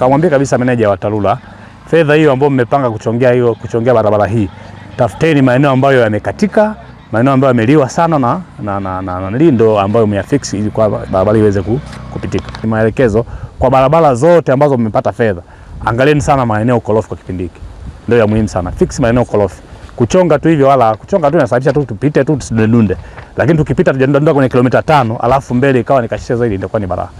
Kamwambia kabisa meneja wa TARURA, fedha hiyo ambayo mmepanga kuchongea hiyo kuchongea barabara hii, tafuteni maeneo ambayo yamekatika, maeneo ambayo yameliwa sana na na na, na, na lindo ambayo mmeyafix ili kwa barabara iweze kupitika. Ni Maelekezo kwa barabara zote ambazo mmepata fedha, angalieni sana maeneo korofi kwa kipindi hiki, ndio ya muhimu sana. Fix maeneo korofi, kuchonga tu hivyo, wala kuchonga tu inasababisha tu tupite tu tusidunde, lakini tukipita tujadunda kwenye kilomita tano alafu mbele ikawa ni kashisha zaidi, ndio kwa ni barabara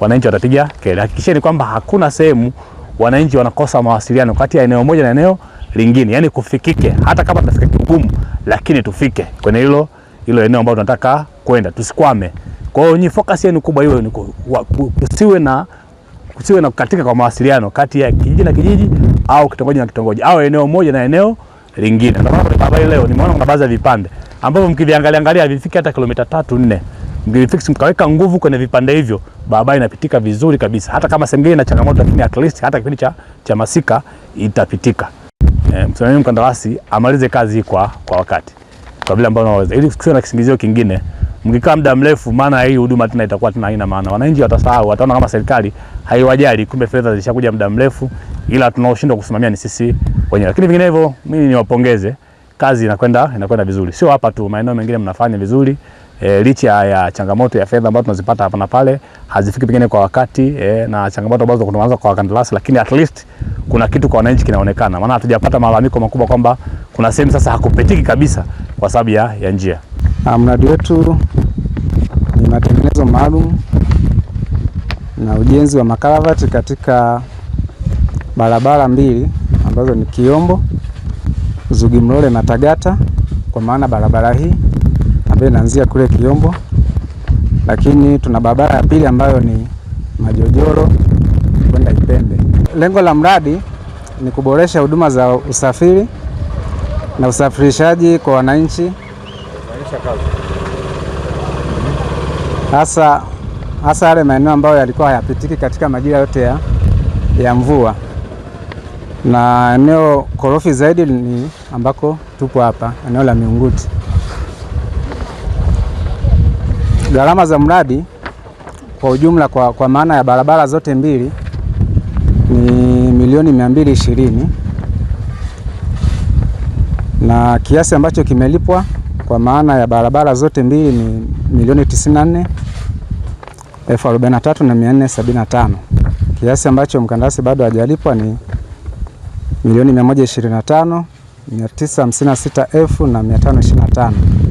wananchi watapiga kelele. Hakikisheni kwamba hakuna sehemu wananchi wanakosa mawasiliano kati ya eneo moja na eneo lingine, yani kufikike, hata kama tunafika kigumu, lakini tufike kwenye hilo hilo eneo ambalo tunataka kwenda, tusikwame. Kwa hiyo ni focus yenu kubwa hiyo, kusiwe na kusiwe na kukatika kwa mawasiliano kati ya kijiji na kijiji au kitongoji na kitongoji au eneo moja na eneo lingine. Ndio maana leo nimeona kuna baadhi ya vipande ambavyo mkiviangalia angalia havifiki hata kilomita tatu nne. Grill mkaweka nguvu kwenye vipande hivyo, barabara inapitika vizuri kabisa, hata kama sengeli na changamoto, lakini at least hata kipindi cha, cha masika itapitika. E, eh, msimamizi mkandarasi amalize kazi kwa, kwa wakati kwa vile ambavyo anaweza, ili kusiwe na kisingizio kingine. Mkikaa muda mrefu, maana hii huduma tena itakuwa tena haina maana, wananchi watasahau, wataona kama serikali haiwajali, kumbe fedha zishakuja muda mrefu, ila tunaoshindwa kusimamia ni sisi wenyewe. Lakini vinginevyo mimi niwapongeze, kazi inakwenda inakwenda vizuri, sio hapa tu, maeneo mengine mnafanya vizuri e, licha ya changamoto ya fedha ambazo tunazipata hapa na pale, hazifiki pengine kwa wakati e, na changamoto ambazo tunaanza kwa wakandarasi, lakini at least kuna kitu kwa wananchi kinaonekana, maana hatujapata malalamiko makubwa kwamba kuna sehemu sasa hakupitiki kabisa kwa sababu ya, ya njia. Mradi wetu ni matengenezo maalum na ujenzi wa makaravati katika barabara mbili ambazo ni Kiombo Zugimlole na Tagata, kwa maana barabara hii ambayo inaanzia kule Kiombo, lakini tuna barabara ya pili ambayo ni Majojoro kwenda Ipembe. Lengo la mradi ni kuboresha huduma za usafiri na usafirishaji kwa wananchi hasa hasa yale maeneo ambayo yalikuwa hayapitiki katika majira yote ya, ya mvua na eneo korofi zaidi ni ambako tupo hapa eneo la Miunguti. Gharama za mradi kwa ujumla kwa, kwa maana ya barabara zote mbili ni milioni 220 na kiasi ambacho kimelipwa kwa maana ya barabara zote mbili ni milioni 94 elfu arobaini na tatu na mia nne sabini na tano. Kiasi ambacho mkandarasi bado hajalipwa ni milioni mia moja ishirini na tano mia tisa hamsini na sita elfu na mia tano ishirini na tano.